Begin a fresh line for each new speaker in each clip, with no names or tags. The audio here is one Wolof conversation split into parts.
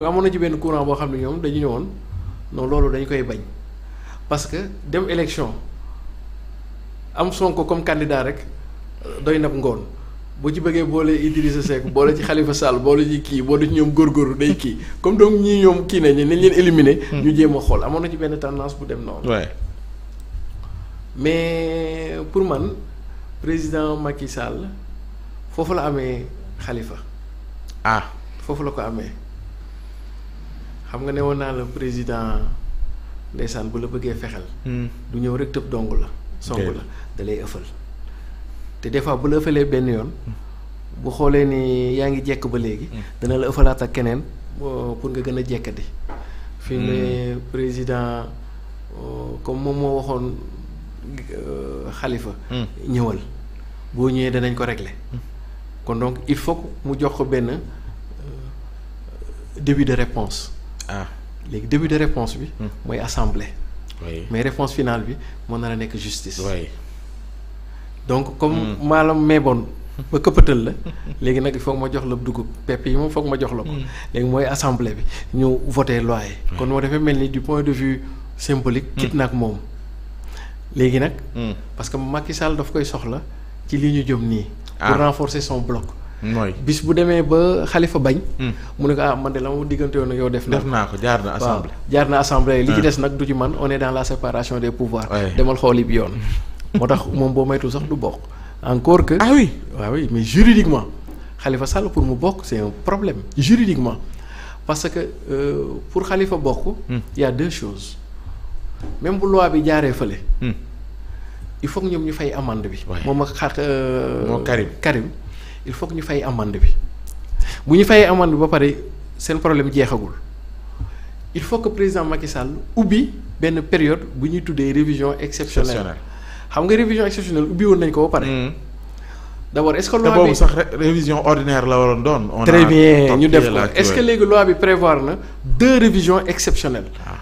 amoon na ci benn courant boo xam ne ñoom dañu ñëwoon non loolu dañu koy bañ parce que dem élection am Sonko comme candidat rek doy nab ngoon boo ci bëggee boole Idrissa seek boole ci xalifa Sall boole ci kii boole ci ñoom góorgóorlu day kii comme donc ñii ñoom kii nañ nañ leen éliminer. Hmm. ñu jéem a xool amoon na ci benn tendance bu dem noonu. mais pour man président Macky Sall foofu la amee xalifa ah foofu la ko amee. xam nga ne woon naa la président ndeysaan bu la bëggee fexel. du hmm. ñëw rek tëb dong la. song la da ëffal. te des fois bu la ëffalee benn yoon. bu xoolee nii yaa ngi jekk ba léegi. Hmm. dana la ëffalaat ak keneen pour nga gën a jekkati. fii ne hmm. président oh, comme moom moo waxoon xalifa. Euh, ñëwal boo ñëwee danañ ko regle kon donc il faut mu jox ko benn euh, début de réponse ah léegi début de réponse bi. Hmm. mooy assemblée. oui mais réponse finale bi mën na la nekk justice. oui donc comme hmm. maalam meeboon ba këppatal la léegi nag il faut ma jox la dugub pepp yi moom foog ma jox la ko. Hmm. léegi mooy assemblée bi ñu voté loi kon moo defee mel ni du point de vue symbolique. kit nag moom. léegi nag. parce que Macky Sall daf koy soxla ci li ñu jëm nii. pour ah. renforcer son bloc. mooy bis bu demee ba xalifa bañ. Hmm. mu ne ko ah man de la ma diggante woon yow def. def naa ko jaar na assemblée waaw jaar na assemblée li ci hmm. des nag du ci man on est la séparation des pouvoirs. demal xooli bi yoon. moo tax moom boo maytul sax du bokk. encore que ah oui waaw ah oui mais juridiquement Khalifa Sall pour mu bokk c'est un problème juridiquement parce que euh, pour Khalifa bokk. Hmm. y a deux choses même bu loi bi jaaree fële. il faut que ñoom ñu fay amende bi. Euh, moom ak Karim Karim. il faut que ñu fay amande bi bu ñu fayee amande ba pare seen problème jeexagul il faut que président Macky Sall ubbi benn période bu ñuy tuddee révision exceptionnelle xam nga révision exceptionnelle ubbi woon nañ ko ba pare. Mm. d'abord est-ce que loi bi boobu sax
révision ordinaire la waroon doon. on très bien ñu def ko est-ce que
léegi loi bi prévoir na deux révision exceptionnelles.
Ah.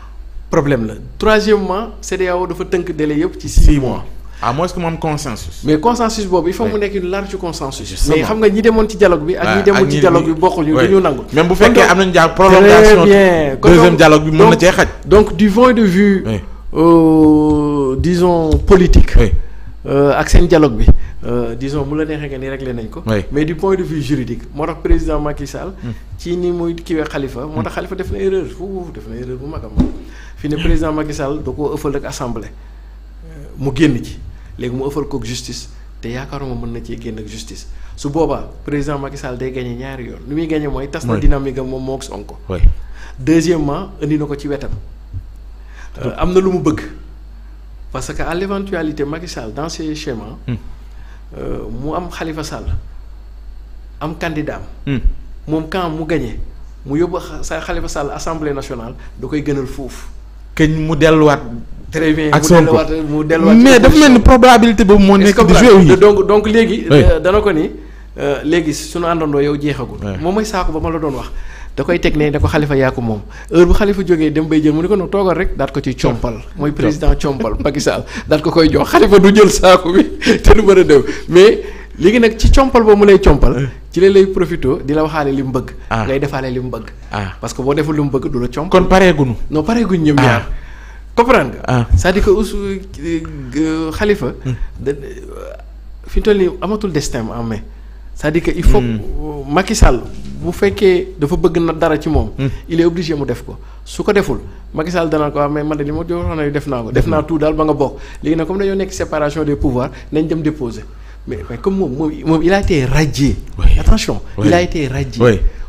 problème la
troisièmement CEDEAO dafa tënk délai yëpp ci six mois. à moins que mu am consensus. mais consensus boobu il faut mu nekk une large consensus. mais xam nga ñi demoon ci dialogue bi. ak ñi demul ci dialogue bi
bokkuñu du ñu nangu. même bu fekkee am nañu jaar prolongation. deuxième dialogue bi mën na cee xaj. donc du point de vue. Euh,
disons politique. Euh, ak seen dialogue bi. Euh, disons mu la neexee nga ni réglé nañ ko. mais du point de vue juridique moo tax président Macky Sall. Hmm. ci ni muy kiiwee Khalifa moo tax hmm. Khalifa def na erreur def na erreur bu mag a mag ne président Macky Sall da koo ëffal ak assemblée euh, mu génn ci. léegi mu ëffal kook justice te yaakaaruma mën na cee génn ak justice su boobaa président Macky Sall day gagné ñaari yoon lu muy gagné mooy tas na dynamique am moom moo Sonko deuxièmement indi na ko ci wetam euh, am na lu mu bëgg parce que à l'éventualité Macky Sall hmm. euh, mu am Khalifa Sall am am hmm. moom quand mu gagné mu yóbbu sa Khalifa Sall assemblée nationale da koy gënal foofu.
keñ mu delluwaat
très bien ak Sonko mu
delluwaat mais dafa mel ni probabilité boobu moo nekk di joué yi donc
donc léegi. Euh, dana ko ni euh, léegi suñu àndandoo yow jeexagul. moom mooy saako ba ma la doon wax. da koy teg ne da ko xalifa yaa ko moom heure bu xalifa jógee dem bay jël mu ne ko no toogal rek daat ko ci compal mooy président compal Macky Sall daat ko koy jox xalifa du jël saako bi te du mën a dem mais léegi nag ci compal boobu mu lay compal ci la lay profito di la waxaale li mu bëgg ah. ngay defaale li mu bëgg ah. parce que boo deful li mu bëgg du la compal kon pareeguñu non pareeguñ ñoom ah. ñaar comprendre nga. Ah. c'est-à-dire xalifa. Euh, euh, hmm. da euh, fi ñu toll nii amatul destin en main. cest que il faut hmm. Macky Sall bu fekkee dafa bëgg na dara ci moom. Hmm. il est mu def ko su ko deful Macky Sall danaa ah, mais man de li ma na ko. def naa tout daal ba nga bokk léegi nag comme dañoo nekk séparation de pouvoirs nañ dem déposer mais mais comme moom moom moom il a été radié. Oui. attention oui. il a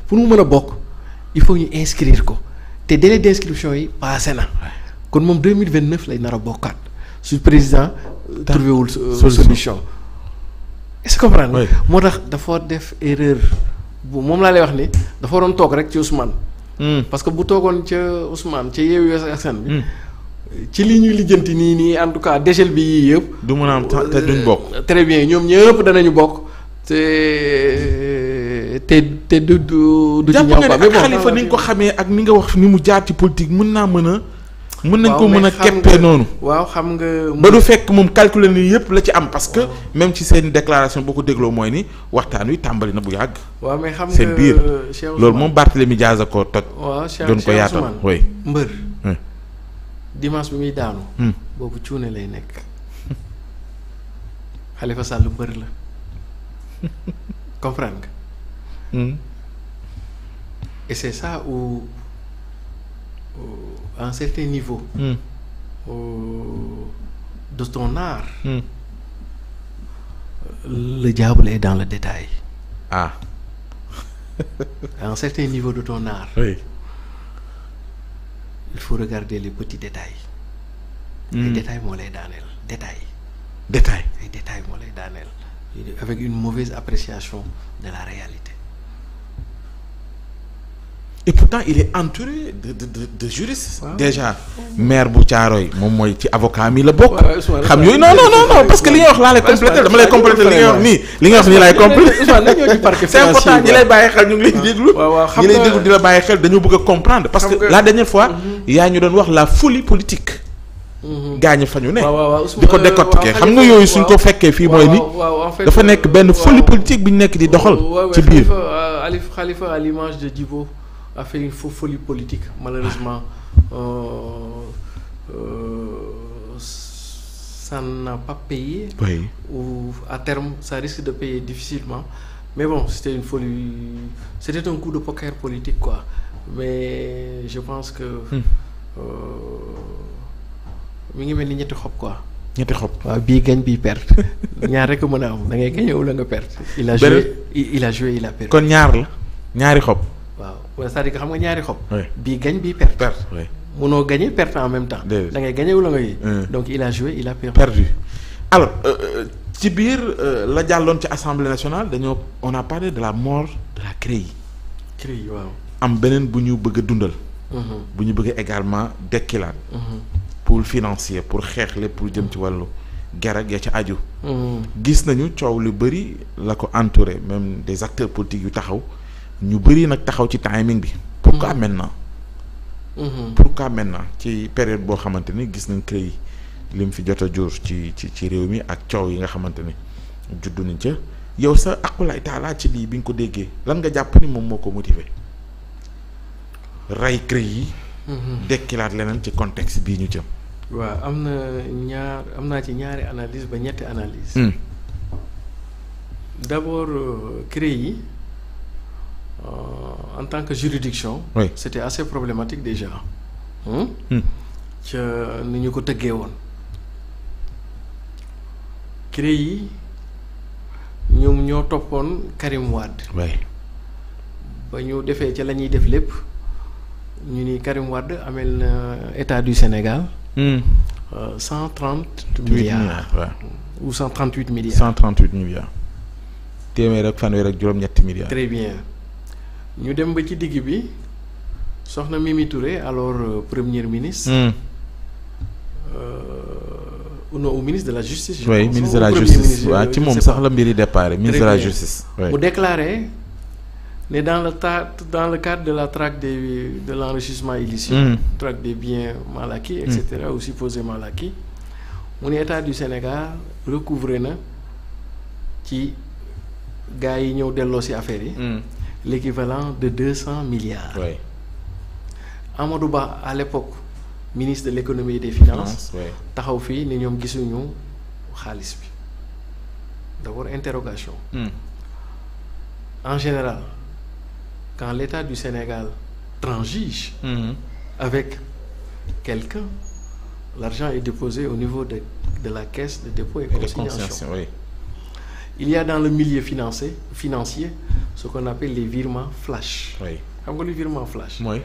pour mu mën a bokk il faut ñu inscrire ko te délai d'inscription yi passé na. kon moom 2029 lay nar a bokkaat su président euh, trouvé wul euh, solution est-ce que comprendre moo tax dafa def erreur bu moom laa lay wax ni dafa waroon toog rek ci Ousmane hmm. parce que bu toogoon ca Ousmane ca Yewwi Askan hmm. ci li ñuy lijjanti nii nii en tout cas dégel bi yii yëpp du mën a am te duñ bokk euh, très bien ñoom ñëpp danañu bokk te du du du ñaaw quoi mais bon ni nga
ko xamee ak ni nga wax ni mu jaar ci politique mën naa mën mën nañ ko mën a keppee noonu. waaw xam nga ba du fekk moom calculer ni yëpp la ci am parce que même ci seen déclaration boo ko dégloo mooy ni waxtaan wi tàmbali na bu yàgg. waaw mais xam nga seen biir euh, loolu moom Barthélemy Diaz a ko toj. doon ko yaatal oui.
mbër. dimanche bi muy daanu. Hmm. boobu cuune lay nekk. Khalifa Sall mbër la à un certain niveau mm. de ton art mm. le diable dans le détail ah à un certain niveau de ton art oui. il faut regarder les petits détails ay hmm. détail moo lay daaneel détail détail ay détail moo lay daaneel avec une mauvaise appréciation
de la réalité et pourtant il est entouré de de de de déjà maire bu Thiaroye moom mooy ci avocat mi la bokk. xam yooyu non non non parce que li nga wax laa lay complété dama lay complété li nga wax nii. li nga wax nii laay complété. c'est important ñi lay bàyyi xel ñu ngi lay déglu. di la bàyyi xel dañoo bëgg comprendre. parce que la dernière fois. Mhm. yaa ñu doon wax la folie politique. Mhm. gaañ fa ñu ne.
di ko euh, décortiquer xam nga yooyu euh, suñ ko fekkee fii mooy ni. dafa nekk benn euh, folie politique
bi ñu di doxal. ci biir
Aliou Khalifa à l'image affaire yi fo folie politique malheureusement euh, euh, ça n'a pas ou à terme ça risque de payer difficilement mais bon c'était une folie c'était un coup de poker politique quoi mais je pense que. Hmm. Euh, mi ngi mel ni ñetti xob
quoi. ñetti xob waaw bii gañ bii perte
ñaar rek mën a am da ngay gañe wala nga perte. il a joué
il a joué il a perdu. kon ñaar la ñaari xob.
waaw c'est-à-dire que xam nga ñaari xob. bii gañ bii perte. perte munoo gagné perte en même temps. da ngay gagné wala nga yi. donc il a joué
il a perdu. perdu alors euh, euh, ci biir euh, la jàlloon ci assemblée nationale dañoo on a parlé de la mort de la CREI. CREI waaw. am beneen bu ñu bëgg a dundal. Mhm. bu ñu bëgg également dekkilaat. Mhm. pour financer pour xeex lépp pour jëm ci wàllu garag ya ci aju. Mhm. gis nañu coow lu bëri la ko entouré même des acteurs politiques yu taxaw. ñu bëri nag taxaw ci timing bi. pour pourquoi mm-hmm. maintenant. Mm-hmm. pourquoi maintenant ci période boo xamante ni gis nañ CREI li mu fi jot a jur ci ci ci réew mi ak coow yi nga xamante ni juddu nañ ca yow sa akulaay taalaa ci lii bi nga ko déggee lan nga jàpp ni moom moo ko motiver. ray CREI yi. Mm-hmm. dekkilaat leneen ci contexte bii ñu jëm.
waaw am na ñaar am naa ci ñaari analyse ba ñetti analyse hmm. d'abord CREI euh, yi. Euh, en tant que juridiction. oui c'était assez problématique déjà. Hmm? Hmm. ca ni ko tëggee woon. CREI yi ñoom ñoo toppoon Karim Wade. oui ba ñu defee ca la ñuy def lépp ñu nii Karim Wade amel na état du Sénégal. cent trente milliards
ou cent trente huit milliards. cent trente huit milliards. téeméer ak fanweer ak juróom-ñetti milliards.
bien. ñu dem ba ci digg bi soxna Mimi Touré alors euh, premier ministre. Mm. Euh, non au ministre de la justice. je oui, ministre de la justice waaw ci moom sax la mbiri départ ministre de la justice. mu oui. ne dans le ta dans le cadre de la traque des de l' enrichissement illicite. Mm. bien des biens mal acquis. et hmm. cetera mm. ou supposé mal mu ne état du Sénégal recouvrer na ci gars yi ñëw delloo si affaire yi. Hmm. l'équivalent de deux cent milliards. oui Amadou Ba à l'époque ministre de l'économie des finances. taxaw fii ni ñoom gisuñu xaalis bi d'abord interrogation. Hmm. en général quand l'État du Sénégal transige. Mm. avec quelqu'un l'argent est déposé au niveau de de la caisse de dépôt et consignation. il y a dans le milieu financier financier ce qu'on appelle les virements flash. oui xam nga luy virement flash.
mooy.